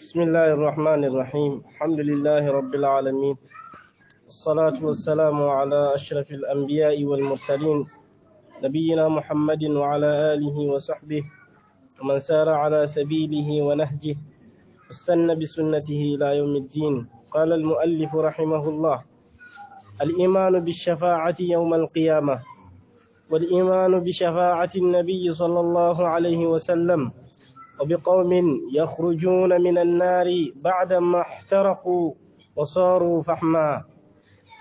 بسم الله الرحمن الرحيم الحمد لله رب العالمين الصلاة والسلام على أشرف الأنبياء والمرسلين نبينا محمد وعلى آله وصحبه ومن سار على سبيله ونهجه واستنى بسنته إلى يوم الدين قال المؤلف رحمه الله الإيمان بالشفاعة يوم القيامة والإيمان بشفاعة النبي صلى الله عليه وسلم وبقوم يخرجون من النار بعدما احترقوا وصاروا فحما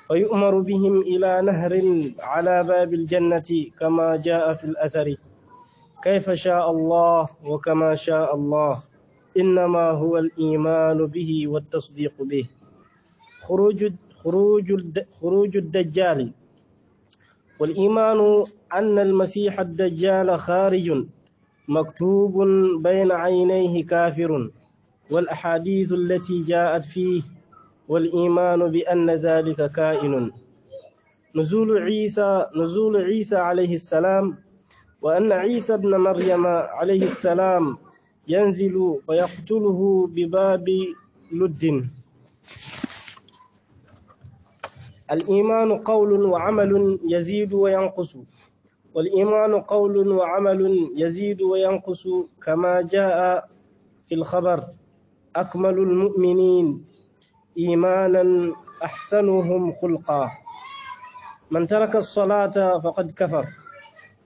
فيؤمر بهم إلى نهر على باب الجنة كما جاء في الأثر كيف شاء الله وكما شاء الله إنما هو الإيمان به والتصديق به خروج خروج خروج الدجال والإيمان أن المسيح الدجال خارج مكتوب بين عينيه كافر والأحاديث التي جاءت فيه والإيمان بأن ذلك كائن نزول عيسى نزول عيسى عليه السلام وأن عيسى ابن مريم عليه السلام ينزل فيقتله بباب لد الإيمان قول وعمل يزيد وينقص والإيمان قول وعمل يزيد وينقص كما جاء في الخبر أكمل المؤمنين إيمانا أحسنهم خلقا من ترك الصلاة فقد كفر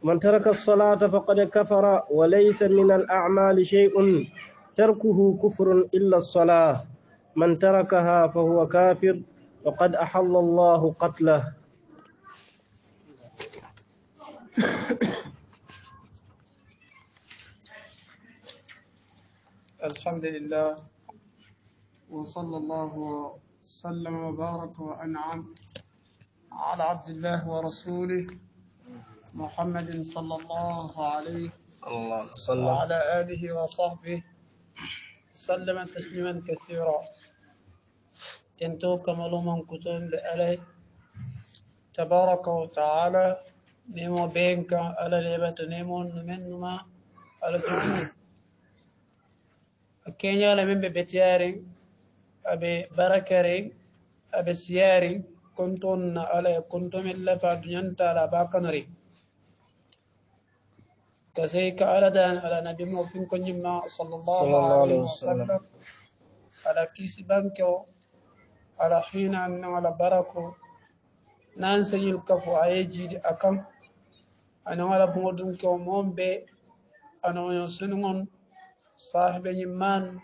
من ترك الصلاة فقد كفر وليس من الأعمال شيء تركه كفر إلا الصلاة من تركها فهو كافر وقد أحل الله قتله الحمد لله وصلى الله وسلم وبارك وأنعم على عبد الله ورسوله محمد صلى الله عليه صلى وعلى آله وصحبه سلم تسليما كثيرا تنتو كمالوما كتون لأله تبارك وتعالى نيمو بينك على ليبة نيمو نمنما على تنمو keñola men ɓe ɓetiyaren aɓe barakaren aɓe siyaren kontoonna ala e kontomen lafa duñantala bakanore ka sey ka aladan ala nabi mo finko ñimma salllahalwasallam ala kiisi banke o ala hina annan ala barako nan señil kafo ayejiidi a kam anon ala bomo dunke o moon ɓe anon yo sunngon صاحب يمان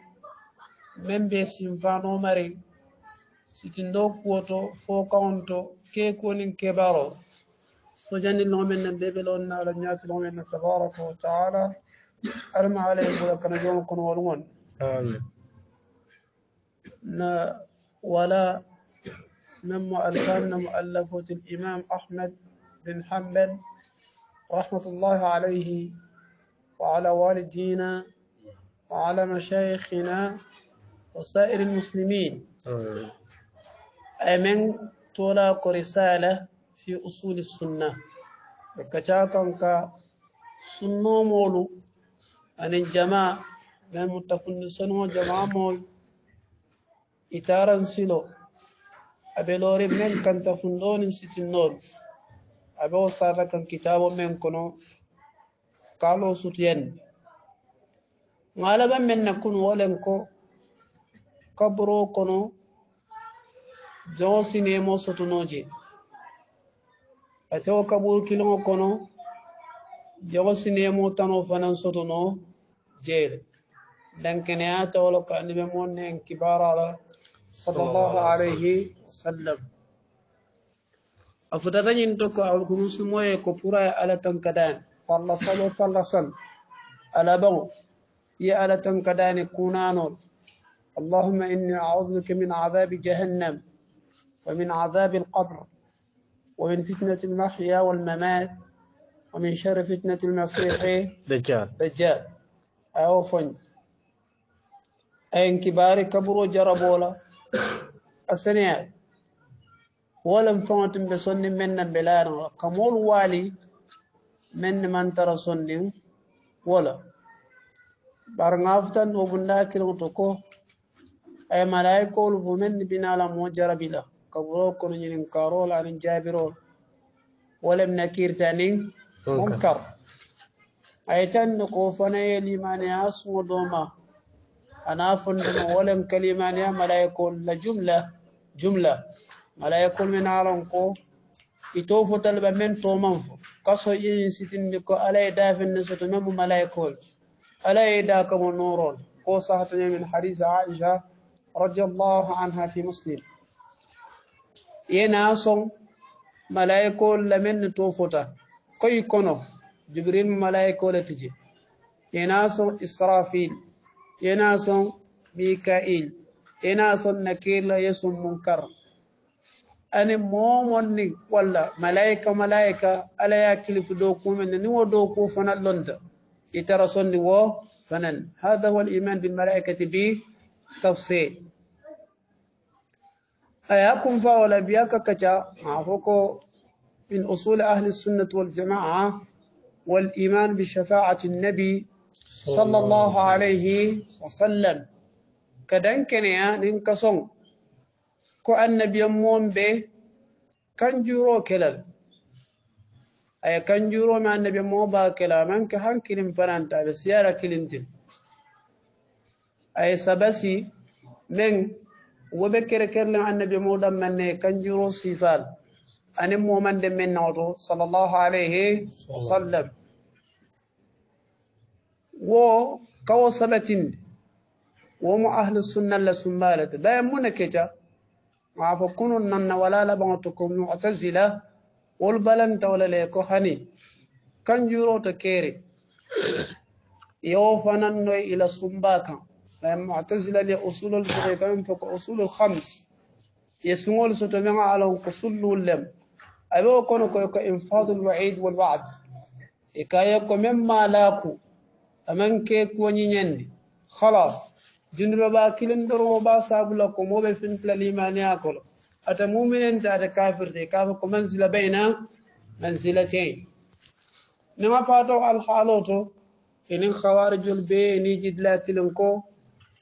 من بيسين فانو مرين ستندو كوتو فو كونتو كي كونين كبارو سجن اللهم إن بيبلون على نيات اللهم تبارك وتعالى أرمى عليه ولك نجوم كن ولون آمين ولا من مؤلفان مؤلفة الإمام أحمد بن حنبل رحمة الله عليه وعلى والدينا وعلى مشايخنا وسائر المسلمين أمن تلاقي رسالة في أصول السنة وكتاكا سنو مولو أن الجماعة من متفن السنة جماعة مول إتارا سلو أبلوري من كان تفندون ستنول أبو سارة كان كتاب من كنو قالوا ستين ŋalaba menna kun wolen ko kaburo kono joŋo sineemo sotunoje atewo kaburu kiliŋo kono joŋo sineemo tano fanaŋ sotuno jeele lankeneya tawolo ka anibe mo neŋ kibara la salallahu alayhi wasallam afutata ñin to ko awolkunusumoye ko puraye ala tankadan fallasalo fallasal alabaŋo يا ألا كدان كونانو اللهم إني أعوذ بك من عذاب جهنم ومن عذاب القبر ومن فتنة المحيا والممات ومن شر فتنة المسيح دجال دجال أوفن أين كبار كبروا جربولا السنيات ولم فوتن بسن من بلاد كمول والي من من ترى سن ولا bar ngaftan o bunda kilgoto ko ay malaikol vumen binala mo jarabila kaburo kono ñinin karol anin jabirol walem nakirtanin munkar ay tan ko fanaye limaniya suŋo doma ana fondemo walem kalimaniya malaikol la jumla jumla malaikol min alon ko ito fotalɓa men toman fo kaso inin sitindi ko alay dafinne soto memo malaikol ألا يداكم النور قصه من حديث عائشة رضي الله عنها في مسلم يناسون ملائكه لمن توفتا كي كونو جبريل ملائكه لتجي يناسون إسرافيل يناسون ميكائيل يناسون نكيل يسون منكر ani مومن ولا ملائكة ملائكة ألا يكلف دوكو من doku دوكو ni wo إترى صن فنن هذا هو الإيمان بالملائكة بتفصيل أياكم فاولا بياك كجا معفوكو من أصول أهل السنة والجماعة والإيمان بشفاعة النبي صلى الله عليه وسلم كدنكني ننكسون كو النبي يمون به كان جورو كلب أي كنجورو مع النبي موبا كلامان كهان كلم فرانتا بسيارة كلمتين أي سبسي من وبكر كلم عن النبي مولا من كنجورو سيفال أنا مؤمن من نوتو صلى الله عليه وسلم و كو سبتين ومو أهل السنة لسمالة بأي منكتا معافو كنو نن ولا لبعتكم معتزلة wol balanta wala le ko hani kanjuro to keeri yo fanannoy ila sumba kan ay mu'tazila li usulul fiqh kam fa ko usulul khams يسمول ستمع على قصل لم أبو كونو كو إنفاض الوعيد والوعد إكايا كو مما لاكو أمن كيك ونين خلاص جنب باكلن درو با سابلا كو مو بفن فلا ليمانيا كولو أتى مؤمن أنت أتى كافر تي كافر منزلة بين منزلتين نما فاتو الحالوتو إن الخوارج البين يجد لا تلنكو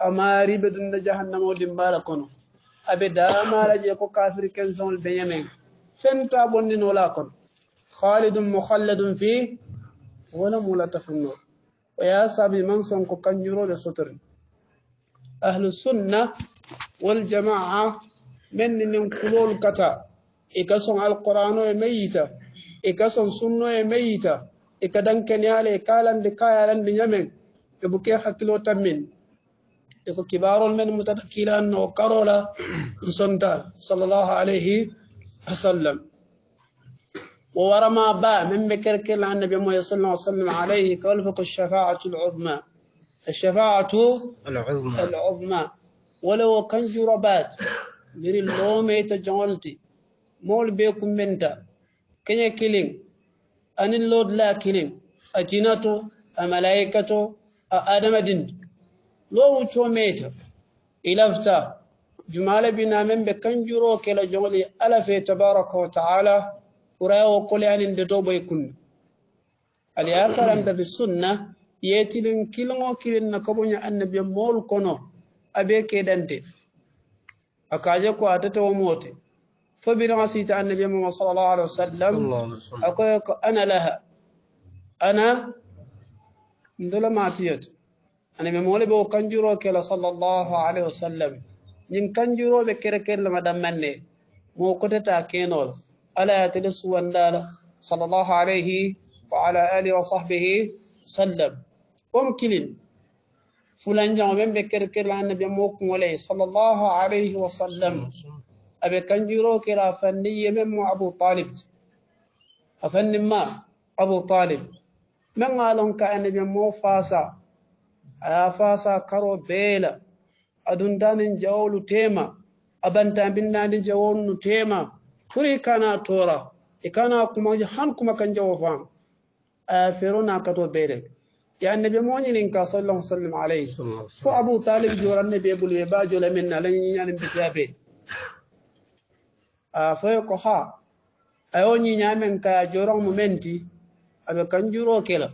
أماري بدن جهنم ودنبالا كونو أبي داما رجيكو كافر كنزون البيمين فانتا بنين ولا خالد مخلد في ولا ملتف النور ويا صاحبي من سنكو كنجرو بسطر أهل السنة والجماعة من ننقلول كتا إكاسون القرآن ميتا إكاسون سنة ميتا إكادن كنيال إكالان لكايالان لنمن يبكي حكيلو تمن إكو كبار من متدكيلان وكارولا سنتا صلى الله عليه وسلم ورما با من بكر كلا النبي محمد صلى الله عليه وسلم عليه قال فوق الشفاعة العظمى الشفاعة العظمى العظمى ولو كان جربات biri loomeyta ta, ti moolu bee kumbenta keñe kiliŋ aniŋ loolu laa la a jina to a malaikato to a adamadin loo wuccoo meyta meta ilafta jumala bi naa be kaŋ ke la ala fe tabaraka wa taala uraye kole aniŋ detoo boy kunna ali ye da karanta sunna sunna kilin o kilin na ka boña mol kono abe ke dante. akaje ko atata wo mote fo bira sita annabi muhammad sallallahu alaihi wasallam akoy ko ana laha ana ndola matiyat annabi mole be kanjuro kala sallallahu alaihi wasallam nyin kanjuro be kere kere la madam manne mo kotata kenol ala yatili suwandala sallallahu alaihi wa ala alihi wa sahbihi sallam wamkilin fulan jango ɓen ɓe kerkerla annabiamo kuŋole sallllahu alayhi wa sallam aɓe kanjuro kela fanniye men mo abou talib a fannin ma abou talib men alon ka annabiamo fasa aya fasa karo beela aɗum danin jawolu tema abantan bindandi jawolu nu tema furi kana tora e kana kuma han kuma kan jawo fam aya fero na kato beele يا النبي مؤمن كا صلى الله وسلم عليه فو أبو طالب جور النبي أبو لي الوباء جول من لن ا آه، فاي كو ها أيوني نعمن كا جوران ممنتي أبو كان جورو كلا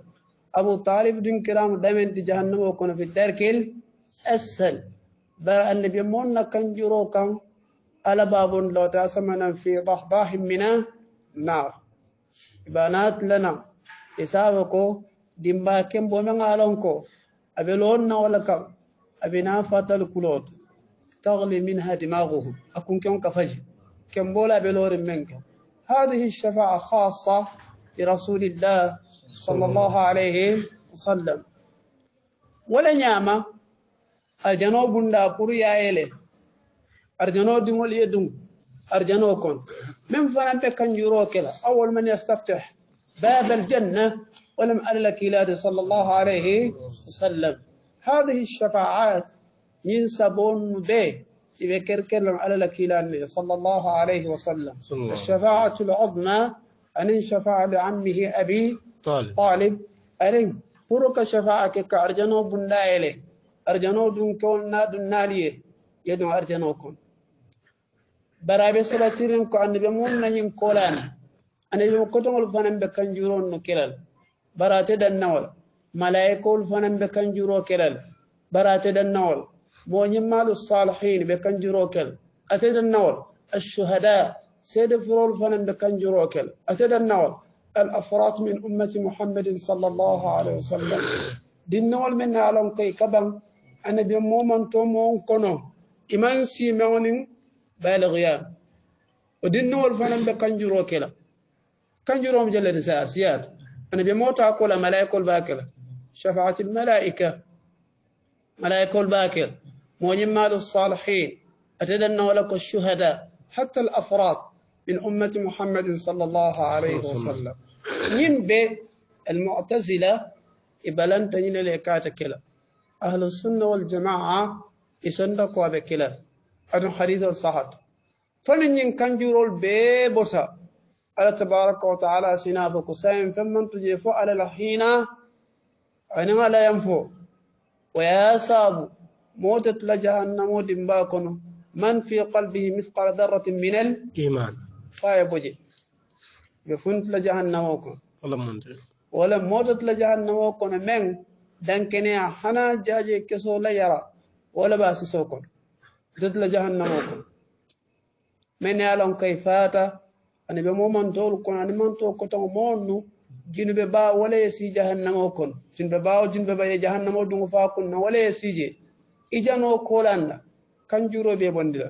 أبو طالب دين كرام دائمًا جهنم وكون في تركل أسهل بل النبي مؤمن كان جورو كان على باب لو تأسمنا في ضحضاح من نار بنات لنا حسابكو dimba kembo men alon ko abe lon na wala kam abe na fatal kulot tagli minha dimaghuhum akun kan kafaji kembo la be lorin men ko هذه الشفاعة خاصة لرسول الله صلى الله عليه وسلم ولا نعمة الجنوب بندا كوريا إله أرجنو دمول يدوم أرجنو كون من فلان بكن يروكلا أول من يستفتح باب الجنة ولم ألل كيلاته صلى الله عليه وسلم هذه الشفاعات ينسبون به إذا كركلهم على كيلان صلى الله عليه وسلم الشفاعة العظمى أن شفاعة لعمه أبي طالب طالب أن برك شفاعة كأرجنو بنا إليه أرجنو دون كون دون ناليه يدون أرجنو كون برابي سلاتيرين كو أن بمون نين كولان أن يمكتم الفنان بكنجورون نكلال barate dannawol malaikol fanan be kanjuro kelal barate dannawol moñimmalu salihin be kanjuro kel ate dannawol الشهداء سيد فرول فنن بكنجر وكل أتد النور الأفراط من أمة محمد صلى الله عليه وسلم دين نول من عالم كي كبن أنا بمومن تومون كنو إمان سي مونين بالغيام ودين نول فنن بكنجر وكل كنجرهم جل رساسيات أنا بموت أقول الملائكة bakela شفاعة الملائكة ملائكة bakela moñim الصالحين salihin أتدنى لك الشهداء حتى الأفراد من أمة محمد صلى الله عليه وسلم من ب المعتزلة إبلان تنين لإكاتا كلا أهل السنة والجماعة يسندقوا بكلا أدن حديث الصحة فلن ينكنجرول بي على تبارك وتعالى سناف قسائم فمن تجيف على الحين عنما لا ينفو ويا سابو موتت لجهنم دمباكن من في قلبه مثقال ذرة من الإيمان فاي بوجي يفنت لجهنم وكن ولم ولم موتت لجهنم وكن من دنكنا حنا جاجي كسو لا يرى ولا باس سوكن تتلجهنم وكن من يعلم كيفاته ani ɓe momantol kono ani manto kotongo moonnu jinuɓe mbaw wala e siije han nama o kon jinuɓe mbaw jinuɓe mbaye jahannama o dungo faa kunna wala e siije ijano koolanɗa kan juroɓe bonndira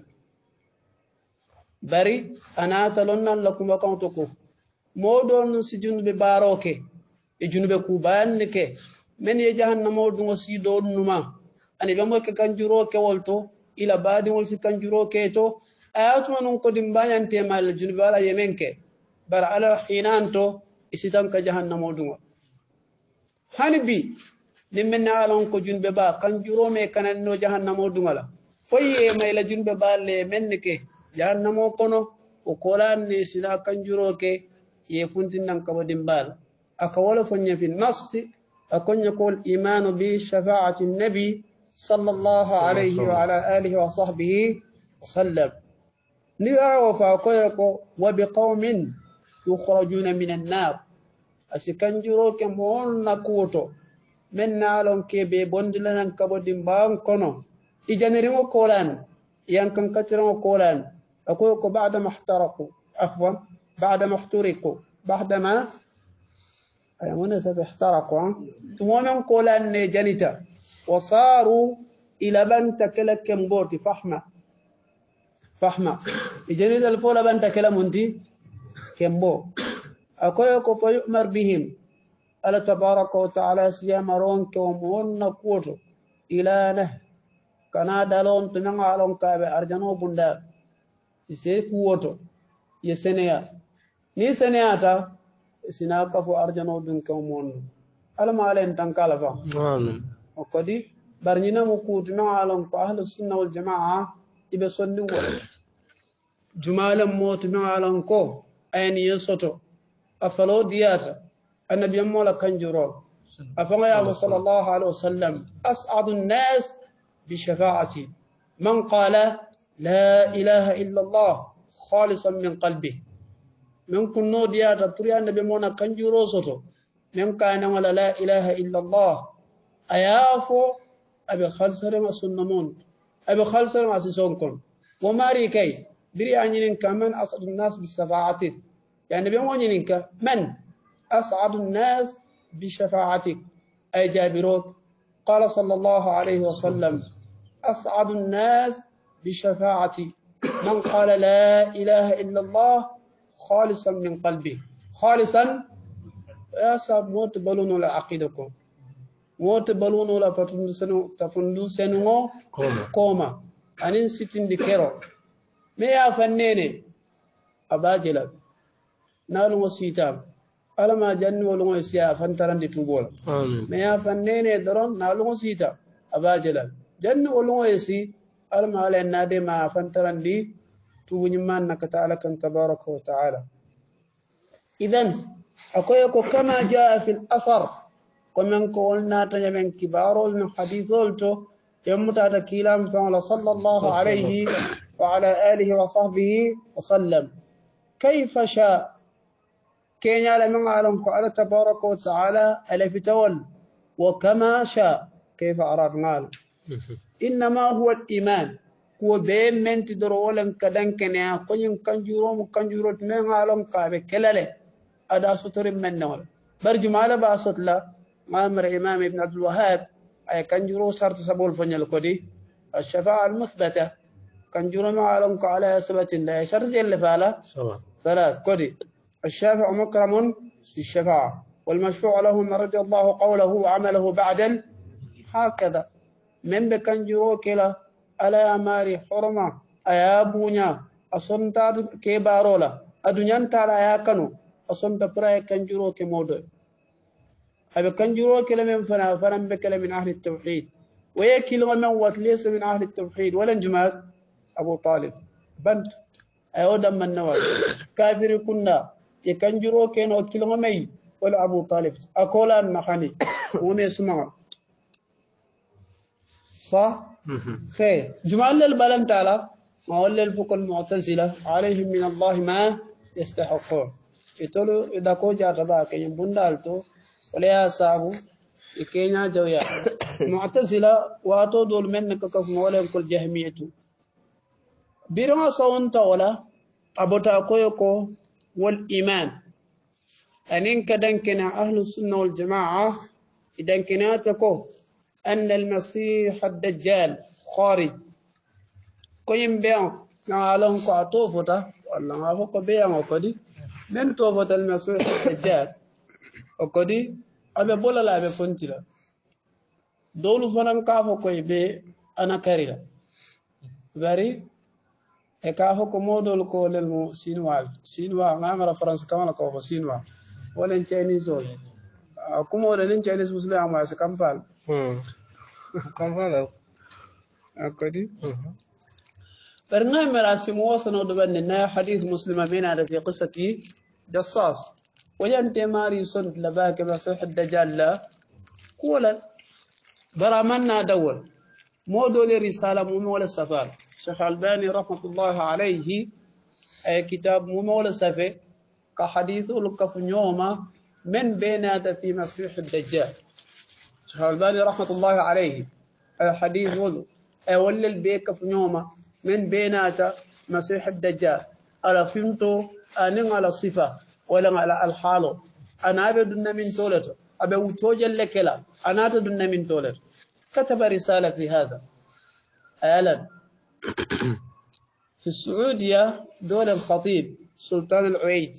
bari anata lonnalla kumba kan tokko moɗon si junuɓe mbaroke e junuɓe kubanni ke min ye jahannama o dungo siidonnuma ani ɓe moke kan jurokewol to ila baadiwol si kan juroke to ayatuma nun kodin bañantema alla junubi ala ye men ke bara ala hinanto isitan ka jahannamo duŋol hani bi nin men ne alon ko junube ba kan jurome kananno jahannamo duŋola foyi ye mayla junube ba le men ne ke jahannamo kono o kolan ne sila kan juro ke ye funtinnan kabo dimbala aka wala fonya fi nasi akonya kol imanu bi shafa'ati nabi sallallahu alayhi wa ala alihi wa sahbihi wa sallam ليعرف فاكوكو وبقوم يخرجون من النار اسكنجرو كمون نكوتو من نالون كي بي بوندلان كابودين بام كونو ايجانيرمو كولان يانكن كاتيرمو كولان اكوكو بعد ما احترقوا عفوا بعد ما احترقوا بعد ما اي مناسب احترقوا تمون كولان جانيتا وصاروا الى بنت كلك كمبورتي فحمه fahma ijeni alfola banta kela mundi kembo akoyo ko fa yu'mar bihim ala tabaraka wa ta'ala siyama ron ke wonna kuoto ila nah kana dalon tunanga alon kabe arjano bunda ise kuoto ye seneya ni seneyata sina kafo arjano dun kan wonno alama alen tankala fa amin o kadi barnyina mo kutu na alon ko ahlus sunna wal jamaa ibe sonni wala جمالا موت معلن كو أين يصوتو أفلو دياتا النبي مولا كنجرو أفلو يا صلى الله عليه وسلم أسعد الناس بشفاعتي من قال لا إله إلا الله خالصا من قلبه من كن نو دياتا تريا النبي مولا كنجرو صوتو من كان ولا لا إله إلا الله أيافو أبي خلصر ما سنمون أبي خلصر ما سيسونكم وماري كي بري أنينك من أسعد الناس بشفاعتك يعني بيوم أنينك من أسعد الناس بشفاعتك أي جابروك قال صلى الله عليه وسلم أسعد الناس بشفاعتي من قال لا إله إلا الله خالصا من قلبه خالصا يا سب موت بلون ولا عقيدكم موت بلون ولا فتندسنو تفندسنو كوما أنين ستين دكيرو me ya fannene abajila nalungo sitam alama janni wolungo siya fantarandi tubola me ya fannene doron nalungo sita abajila janni wolungo si alama ala nade ma fantarandi tubu nyimman nakata ala kan tabaraka wa ta'ala idan akwai ko kama jaa fil athar komen ko wonnata ñamen kibarol no hadisol to yemmutata kiilam fewla sallllahu alayhi وعلى آله وصحبه وسلم كيف شاء كين على من عالم قال تبارك وتعالى ألف تول وكما شاء كيف أراد ماله إنما هو الإيمان كو بين من تدرول كدن كنيا كن كنجرو كنجرو من عالم قاب كلاله أدا سطر من نور برج مالا باسط لا مامر إمام ابن عبد الوهاب أي كنجرو سارت سبول فنجل كدي الشفاعة المثبتة كان ما علمك على سبت لا شرط إلا فعله ثلاث كدي الشافع مكرم الشفاعة والمشفوع له من رضي الله قوله وعمله بعدا هكذا من بكن جرو كلا ألا ماري حرمة أيا بونيا أصنت كبارولا أدنيا تارا يا كنو أصنت براي كن جرو كمودو أبي كن جرو كلا من فنا فنا بكلا من أهل التوحيد ويكلم من ليس من أهل التوحيد ولا جماد أبو طالب بنت أيودا من نوال كافر كنا يكنجرو كين كينو كيلومي ولا أبو طالب أقولا نخاني ومي سمع صح خير جمال البلن تعالى ما هو الفوق المعتزلة عليهم من الله ما يستحقون يتولو إذا كو جاربا كي يبندالتو ولا يا سابو يكينا جويا معتزلة واتو دول منك كف مولهم كل جهميته بيرما sawunta wo أبوتا كويكو والإيمان koyo ko wal أنين كدنكنا أهل السنة والجماعة تكو أن المسيح الدجال خارج كويم بيان نعلم كعطوفتا ولا نعرفك بيان وكدي من توفة المسيح الدجال وكدي أبي بولا لا أبي فنتلا دولو فنان كافو كوي بي أنا كاريلا بري e ka hokko moɗol kolel mo sinoaɓe sinoa gamara france kamala kofo sinoa wonen chinese oɓe kumoɗo nen chinese musulamase kam fal kam fala akkadi فرناي مراسي موصن ودبن إن حديث مسلم بينا في قصة جصاص ولن تماري صند لباك مسيح الدجال لا كولا برا منا دول مو دول رسالة مو ولا سفارة الشيخ الباني رحمه الله عليه اي كتاب wala safe كحديث hadithul kaf من بينات في مسيح الدجال الشيخ الباني رحمة الله عليه حديث وذو أول البيك في نومة من بينات مسيح الدجال على فهمتو أن على صفة ولا على الحال أنا أبدن من تولد أبي وتوجا لك أنا أبدن من تولد كتب رسالة في هذا أهلا في السعودية دول الخطيب سلطان العويد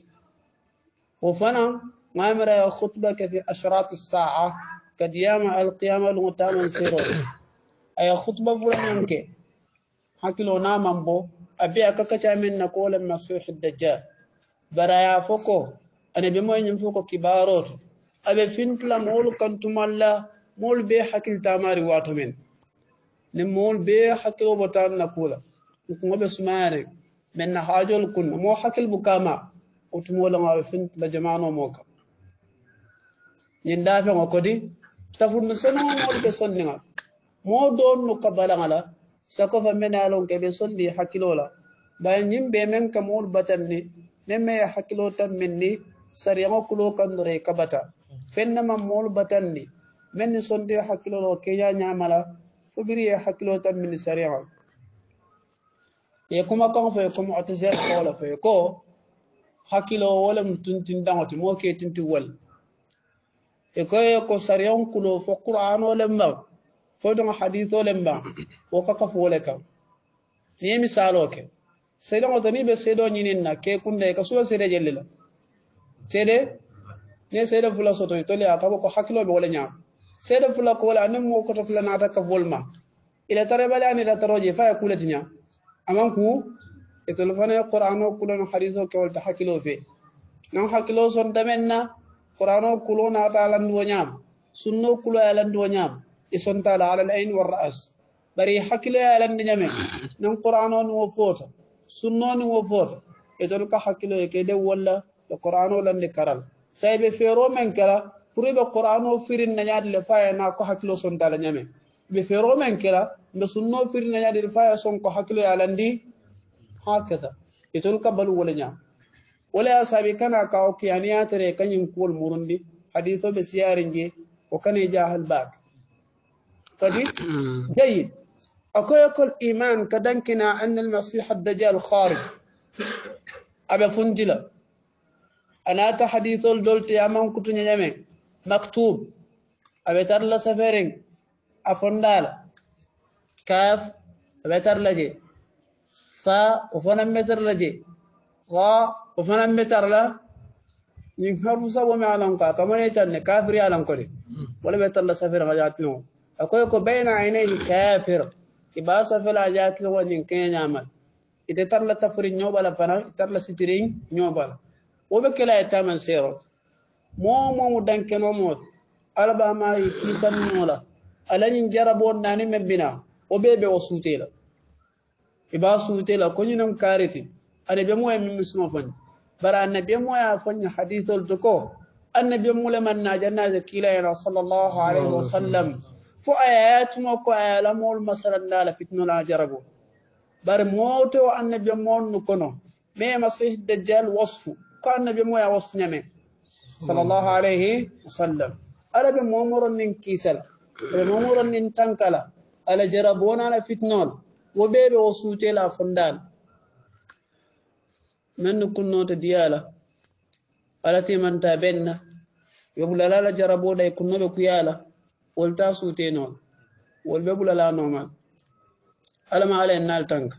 وفنا ما مرى خطبة في أشراط الساعة كديامة القيامة المتامن سيرو أي خطبة فلانك حكي لو نام بو أبي أكاكا من نقول المسيح الدجال برايا فوكو أنا بموين فوكو كباروت أبي فين كلا مول كنتم الله مول بي حكي التاماري واتمن nimmo on be hakkil obo tan na kuula kuŋoɓe sumaare min na haajol kunna mo hakkil bukama o tumolaŋaɓe fintila jamanomo ka ñindafeŋo kodi tafunno senomol ɓe sonniŋa mo donno ka balaŋala sakofa mine alon keɓe solli hakkilola bay ñimɓe men kamoolu batan ni min maye hakkilo tan min ni sariyaŋo kulo kandore kabata fennama moolu batan ni min ni sondi hakkilolo keña ñamala fobiriye hakkiloo tan min sariya ye kuma kaŋ fo kuma ko mu'tazila kawala fo ye ko hakkilo wala mu dan wata moo ke tinti wal e ko ye ko sariyan kulo fo qur'ano le mbaŋ fo doŋ hadiso le mbaŋ wo ka kafu wo le kaŋ niŋ ye misalo ke seedaŋo to niŋ be seedo ñiniŋ na ke kunda kasuwa ka suba seede jelle la seede niŋ seede fula soto tole a ka ko hakkilo bai wo le سيدف لك ولا نمو كتف لنا عدك فولما الى ترى لأني لا تروجي فايا كولتنيا أمان كو إتلفنا القرآن وكلنا حريثو كوال تحكيلو في نحن نعم حكيلو سن دمنا قرآن وكلنا عطا لندو نعم سنو كلو يلندو نعم إسن تالا على الأين والرأس بري حكيلو يلند نعم نو قرآن وفوت سنو وفوت إتلك حكيلو يكيد ولا القرآن ولند كرال سيبي في رومن pour ɓe qur'ano firinna ñaadile faya na ko hakkilo sontala ñame ɓe fero men kira mbe sunno firinna ñaadile faya son ko hakkilo e alandi hakata itol ka balu wala ñam wala ya saabi kana kawo kiyaniyatere kañum kuwol murundi hadiso ɓe siyarin je o kane jahal baak kadi jayid akoyakol iman ka dankina anna almasiha addajal kharij aɓe fundila anata hadisol dolte aman kutuñañamen مكتوب أبي ترلا سفرين أفندال كاف أبيتر ترلا جي فا وفنم ترلا جي غا وفنم لا ينفر سوى مع لانقا كمان يتن كافر يا انقلي ولا بيت الله سفر غجات له أقولك بين عيني كافر كبا سفر غجات له وجنكين يعمل إذا ترلا تفرين نوبلا فنا ترلا سترين نوبلا وبكلا يتامن سيرو moo moomu dankenoomoo alabamaari kiisannoo la alañin jaraboon naani mebbina o bee be o suutee la i b'a suutee la koñinon kaariti ana be moye min misimo foñ bara annabiye moya foñ hadisol to ko annabiye muleman najannaje kiilayena sallllahu alayhi wa sallam fo ayayatumo ko ayalamol masaranndala fitnola jarabo bari moote o annabiye moon no kono mais masih dajjal wasfu ko annabiye moya wasfu ñamen صلى الله عليه وسلم على من كيسل من تنكلا ألا على جرابونا فتنول وبيب وسوتي لا فندان من كن نوت ديالا على تيمان تابنا يقول لا لا جرابو يكون نوبي كيالا ولتا سوتي نول ولبيب لا لا نومان على ما علي النال تنك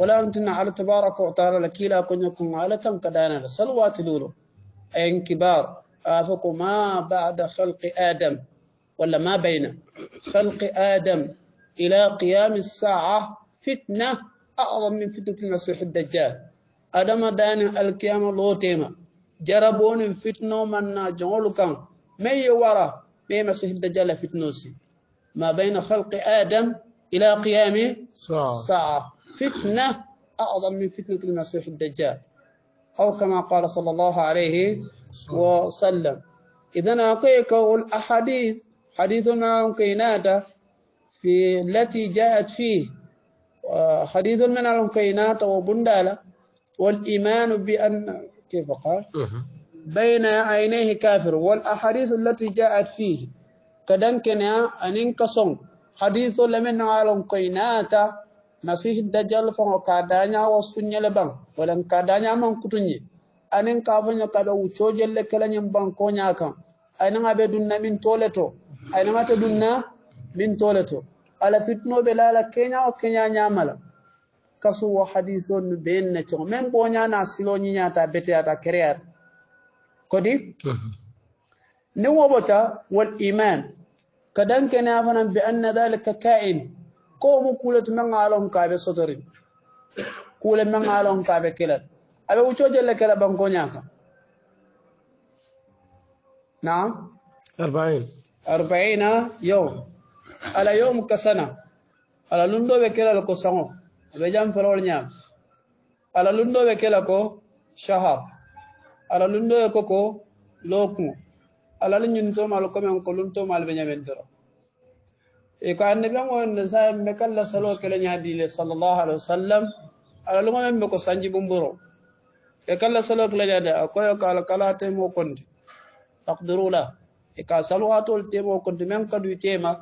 ولا أنتن على تبارك وتعالى لكيلا لا كن يكون على تنك دانا سلوات دولو أين كبار أفق ما بعد خلق آدم ولا ما بين خلق آدم إلى قيام الساعة فتنة أعظم من فتنة المسيح الدجال أدم دان القيامة لوتيما جربون فتنة من جعل كان مي ورا مي مسيح الدجال فتنوسي ما بين خلق آدم إلى قيام الساعة فتنة أعظم من فتنة المسيح الدجال أو كما قال صلى الله عليه وسلم إذا أقيك الأحاديث حديث معهم كيناتا في التي جاءت فيه حديث من الكينات وبندالة والإيمان بأن كيف قال بين عينيه كافر والأحاديث التي جاءت فيه كدنكنا أنين كصن حديث لمن على كيناتا masihi dajal faŋo ka daña wasfuñele baŋ wala ka daña maŋ kutuñe aniŋ kafoño ka ɓe wuccojel le kelañiŋ bankoña kaŋ aynaŋa ɓe dunna min tole to aynaŋa te dunna min tole to ala fitinoɓe lala kenya o keña ñamala kasu wo hadiso nu ɓeen mhm. ne coŋo meŋ boñana silo ñiñata beteyata kereyata kodi ni wobota wal iman kadan kene a fanan bi anna dhalika kain ko mu kuule ti meŋaaloŋ ka be sotori kuule meŋaaloŋ ka be kilat a be wuccoo jelle kela banko ñaaka naam arbain arbaina yow ala yowm kasana ala lundoo be kela ko saŋo a be jam ferol ñaam ala lundoo be kela ko shahab ala lundoo be ko ko lookuŋo ala la ñuntoomal komen ko luntoomal be ñamen dorom يكون النبي أن سال مكلا سلوا كلا نهدي صلى الله عليه وسلم على لما من مكو سنجي بمبرو يكلا سلوا كلا نهدي أكو يكال كلا تيمو كنت تقدروا لا يكال سلوا طول هو كنت من قد يتيما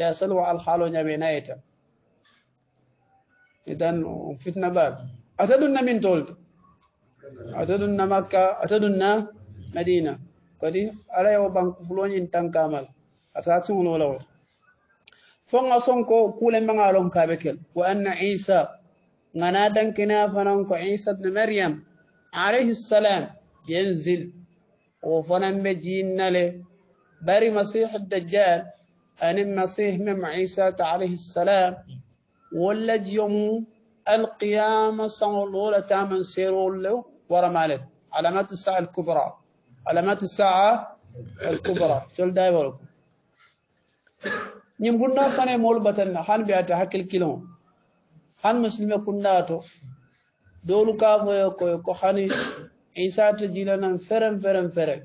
يا سلوا الحالو نبينا يتم إذن فتنة بار أتدنا من طول أتدنا مكة أتدنا مدينة كذي على يوم بانك فلوني إن تنكمل أتاسمون ولا ولا فنغا سونكو كولن مغا لونكا بكل وان عيسى غنا دنكنا فنانكو عيسى بن مريم عليه السلام ينزل وفنان بجين نالي باري مسيح الدجال ان المسيح من عيسى عليه السلام ولد يوم القيامه صنعوا تامن سيروا له ورمالت علامات الساعه الكبرى علامات الساعه الكبرى شو دايبركم نيم كنا خانة مول بتنا خان بيأتي هكيل كيلون خان مسلم كنا أتو دول كافو كوي كخاني إنسان تجيلا نم فرم فرم فرم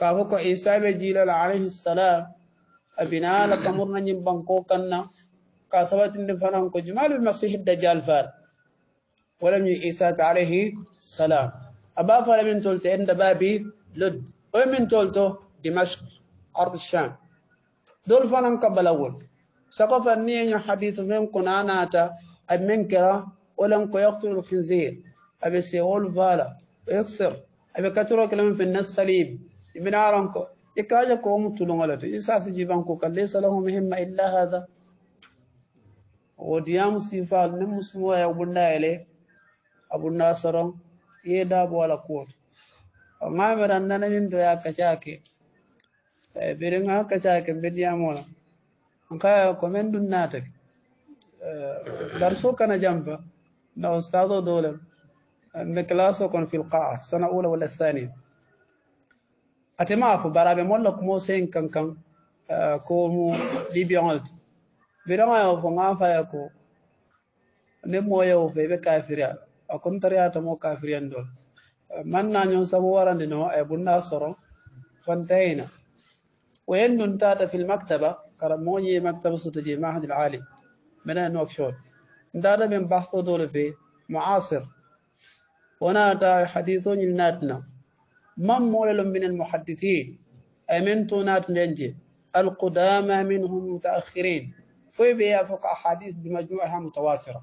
كافو كإنسان بجيلا عليه السلام أبناء لكمرنا نيم بانكو كنا كاسبات النفران كجمال المسيح الدجال فار ولم يإنسان عليه السلام أبا فلم تولت عند بابي لد ومن تولته دمشق أرض الشام دول فلان ka balawol sako fanni en hadith men kunanata amen kira ولن يقتل الخنزير أبي سيول فالا يكسر أبي كتر كلام في الناس سليم من عرنكو إكاجا قوم تلونغلت إساس جيبانكو قال ليس له مهمة إلا هذا وديام سيفال نمسمو يا أبو النايلي إيه؟ أبو الناصر يداب إيه ولا قوت وما مرنا نندو يا كشاكي Eh, birin haka cake bediya mola kaya komen ɗum natake eh, darso kana jamfa na ustad o dole mbe classe o kon fil qaa sana ula walla thania atema fo baraɓe molla kumo sen kan kan eh, ko mu libiolde biɗogayo fo gafaya ko ne moyewo fe ɓe kafiri al a contariyatamo kafiriyan dol man na nañon sabu warande no e bunna soro fantayina وين نتاتا في المكتبة كرموني مكتبة ستجي معهد العالي من نوكشون نتاتا من بحث دول في معاصر وناتا حديثون الناتنا من مولل من المحدثين أمنتو نات ننجي القدامى منهم متأخرين فبيا فوق أحاديث بمجموعها متواترة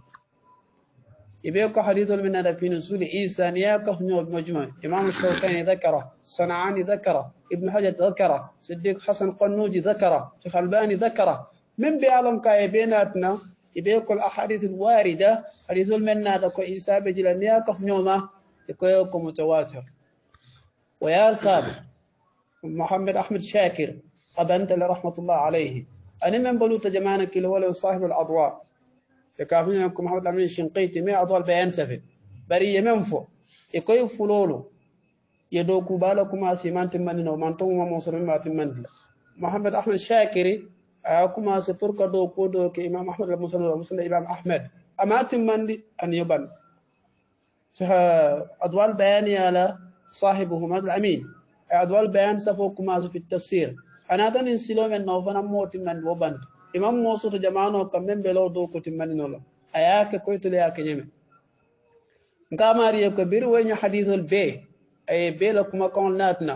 يبقى حديث من هذا في نزول عيسى نياك هنو مجمع إمام الشوكاني ذكره صنعاني ذكره ابن حجر ذكره صديق حسن قنوجي ذكره شيخ الباني ذكره من بيعلم كايبيناتنا يبقى الأحاديث الواردة حديث هذا كو عيسى بجل نياقه هنو يبقى متواتر ويا سابق محمد أحمد شاكر أبنت لرحمة الله عليه أنا من بلوت جمانك اللي هو صاحب الأضواء كافين كم محمد الأمين الشنقيتي ما أطول بيان سفد بري يمنفو يكوي فلولو يدوكو بالكما سيمان تمني نو مانتو ما موصل ما تمني محمد أحمد شاكري أكما سفر كدو كودو كإمام أحمد المسلم المسلم إمام أحمد أما تمني أن يبان أطول بياني على صاحبه محمد الأمين أطول بيان سفوكما في التفسير أنا أتنين سلوم أنه فنموت من وبند imam mo soto jamano kamɓe mbelo dow ko timmaninolo a yake koytole yake ñeme nkamariye ko biri woyño hadisol bee aye bee la kuma kaŋol naatna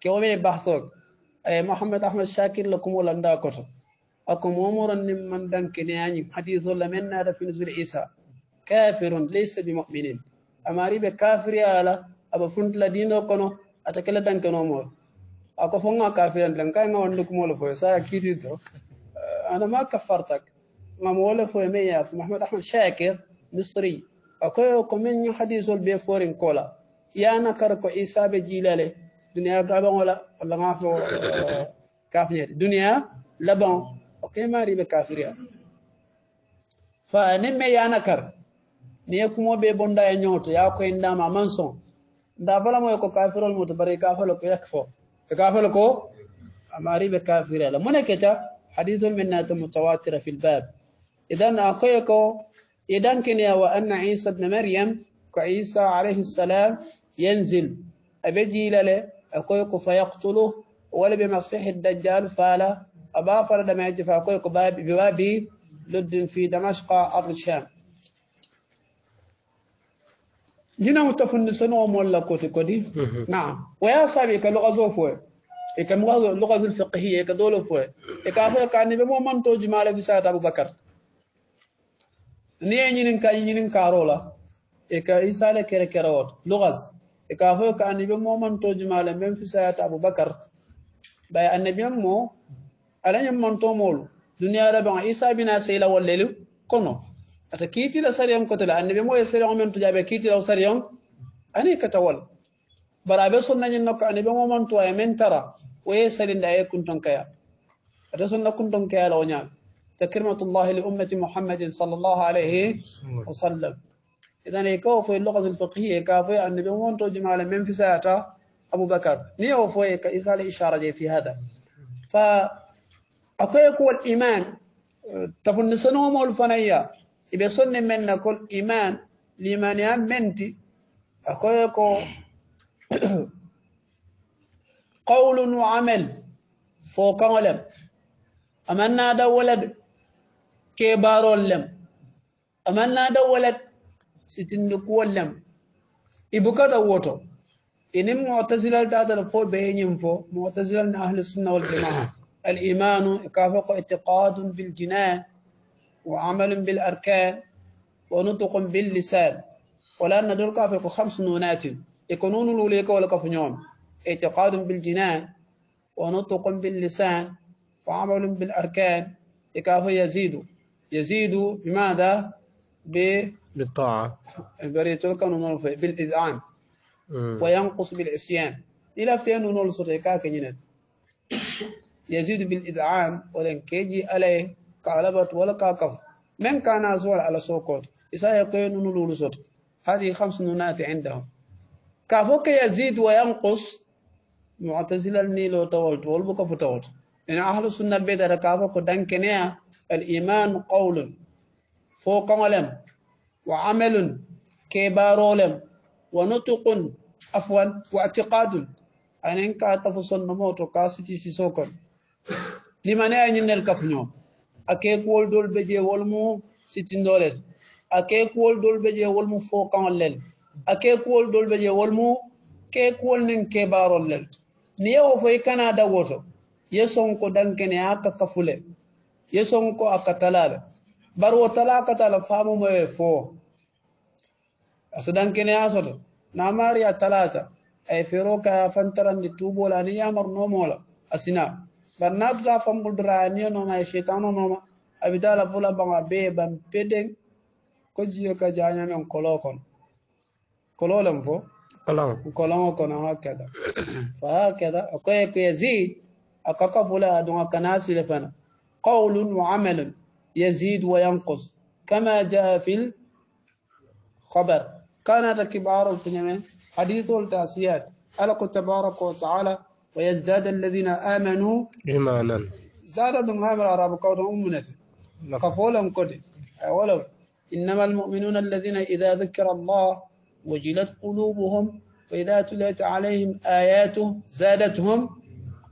ke wo mene bahsoog aye mohamed ahmed shakir la kumo landa koto ako momoron nin man dankeneyañi hadisol la men naata finisul isa kafirun laysa bimuminin amari ɓe kafiriya ala aɓa funtula dino kono ata kela dankenomoro ako fonga kafiran lan kayga wandi kumolo foyo saya kiititoro انا ما كفرتك ما مولف ويمية في محمد احمد شاكر مصري اكو كومين حديث البي فورين كولا يا انا كركو عيسى بجيلاله دنيا غابن ولا ولا ما في كافني دنيا لبن اوكي ما ريب كافريا فنمي يا انا كر ني كومو بي بوندا نيوتو يا كو انداما مانسون دا فلا مو كو كافرول متبري كافلو كو يكفو كافلو كو amari be kafira la mune keta حديث نات متواترة في الباب إذا أخيكو إذا كن وأن عيسى ابن مريم كعيسى عليه السلام ينزل أبجي للي أخيكو فيقتله ولا بمسيح الدجال فالا أبا فرد ما يجي باب بوابي لد في دمشق أرض الشام جنا متفندسون ومولا كوتي كودي نعم ويا صبي كاللغة زوفوه e ka lugasul fiqhiya e ka dolo fo e ka fo ka ni be mo man to jumala bi sa'ad abubakar ni e nyinin ka nyinin karola e ka isale kere kere wot lugas e ka fo ka ni be mo man to jumala men fi sa'ad abubakar bay annabiyam mo alanyam man to molu duniya da ban isa bina sai la wallelu kono ata kiti la sariyam kotala annabi mo e sariyam men to jabe kiti la sariyam ani katawal bara be sunna nyin nokka ani be momon to e men tara o e salinda e kunton kaya ade sunna kunton kaya la onya تكرمة الله لأمة محمد صلى الله عليه وسلم إذا يكو في اللغة الفقهية كافي أن بمون تجمع على من في ساعته أبو بكر نيو في كإسال إشارة في هذا ف أكو الإيمان تفن سنهم الفنية إذا سن من كل إيمان لمن يمنتي أكو قول وعمل فوق ولم أمنا نادى ولد كبار ولم أمنا نادى ولد ولم لم إبوكا دوتو إن معتزلة تاتر فو بينهم فو معتزلة أهل السنة والجماعة الإيمان كافق اعتقاد بالجنان وعمل بالأركان ونطق باللسان ولا ندرك في خمس نونات يكونون لوليك ولك في اعتقاد بالجنان ونطق باللسان وعمل بالأركان يكاف يزيد يزيد بماذا؟ ب... بالطاعة بريت ننولف بالإذعان وينقص بالعصيان إلى أفتين ننولف كاك جنت يزيد بالإذعان ولن كيجي عليه كالبت ولا كاكف من كان أزوال على سوكوت إذا يقين ننولف هذه خمس نونات عندهم كافوك يزيد وينقص معتزل النيلو تولت ولبك فتولت إن أهل السنة بيت كافوك دنكنيا الإيمان قول فوق علم وعمل كبار علم ونطق أفوا واعتقاد أن إنك تفصل نموت وكاستي سيسوكن لمن أين الكفنيوم akeekuwol dol be je wolmu sitindolel akeekuwol dol be je wolmu fo kaŋol A kuwol dol ɓe je wolmu ke kuwal nin baron lel ni yewo foy kana ya son ko dankene a aka kafule ya son ko aka talala bar wo tala famu tala fo asa dankene a soto namari a talata aye fero ni tubo la ni yamar nomola a sina bar na tuta fambuldora aniya noma ye cheitano noma abitala fula a be ban peden ko jiyo ka janya kolo kono كلولا فو كلام كلام كنا هكذا فهكذا أكوي يزيد أكاكف لا دون كناس لفنا قول وعمل يزيد وينقص كما جاء في الخبر كانت كبار التنمين حديث التاسيات ألق تبارك وتعالى ويزداد الذين آمنوا إيمانا زاد من العرب عرب قول أمنا كفولا قد ولو إنما المؤمنون الذين إذا ذكر الله وجلت قلوبهم فإذا تليت عليهم آياته زادتهم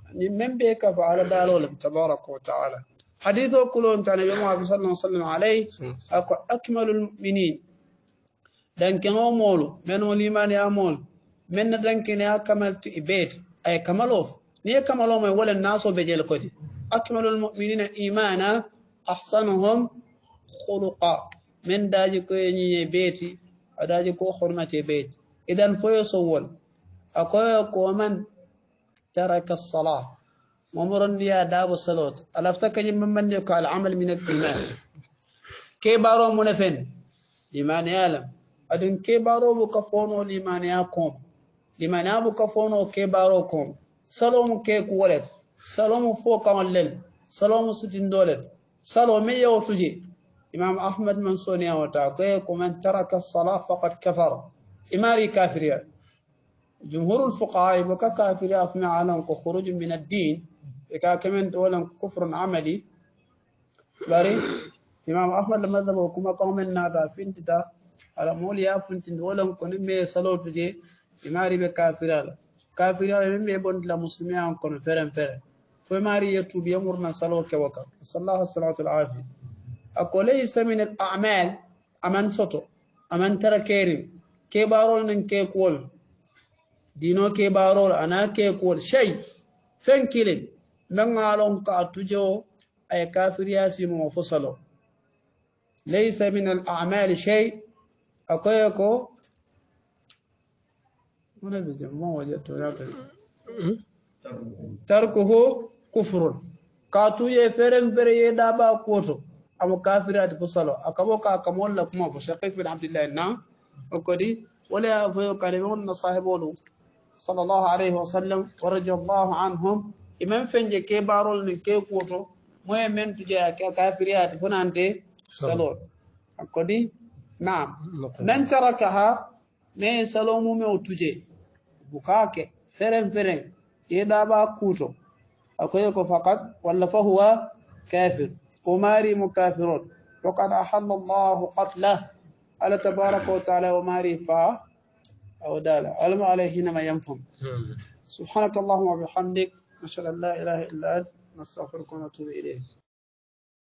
يعني من بك فعلى دالولم تبارك وتعالى حديث كلون تانا يوم عفو صلى الله عليه وسلم عليه أكمل المؤمنين دانكن مولو من الإيمان يا مول من دانكن يا كمال تبيت أي كمالوف نيه كمالو ما يولى الناس بجيل كدي أكمل المؤمنين إيمانا أحسنهم خلقا من داجي كويني بيتي أداجي كو خرنة بيت إذن فيصول أكو ومن ترك الصلاة ممر لي أداب الصلاة ألفتك من من يقع العمل من الإيمان كي بارو منفن إيمان يعلم أدن كي بارو بكفونو لإيمان يقوم لمن أبو كفونو كي باروكم سلام كي كولت سلام فوق الليل سلام ستين دولت سلام يا وسجي imam ahmad man soniyawota koye koman taraka sala faqad kafara imari kafiriya jumhurul fuqaha ibo ka kafiriya fuma alan ko huruju min addin e ka kemen wolan kufrun amali bari imam ahmad la madhaba kuma komen nata fintita ala moliya funtinde wolan kone me salotuje imari ɓe kafirala kafirala min ɓe bondila muslimi an kono feren feren fo imari yettuɓe yamurna salo kewa kan wasallahu salamatu alafia ako laysa min al amal aman soto aman tara kerin nan ke kwol dino barol ana kekuwol shey fen kilin nan alon ka tuje o aye kafiriya simo fo salo laysa min al waje to ya ta tarkuhu kufrun ka tuye feren fere ye ba koto amo kafirade fo salo akabo ka kamolla kuma fo shakik bin abdillahi na o kodi wala foyo kaneɓe wonna sahibolu sallllahu alayhi wa sallam wa radiallahu anhum imen fenje ke barol nin ke kuwoto moye men tujeya ke kafiriyade fonante salo kodi naam man tarakaha mais salo mume o tuje bukake feren feren yeɗaɓa kuuto akoye ko fakat walla fahuwa kafir أماري مكافرون وقد أحل الله قتله على تبارك وتعالى وماري فا أو دالا علم عليه ما ينفهم نعم. سبحانك اللهم وبحمدك نشهد أن لا إله إلا أنت نستغفرك ونتوب إليك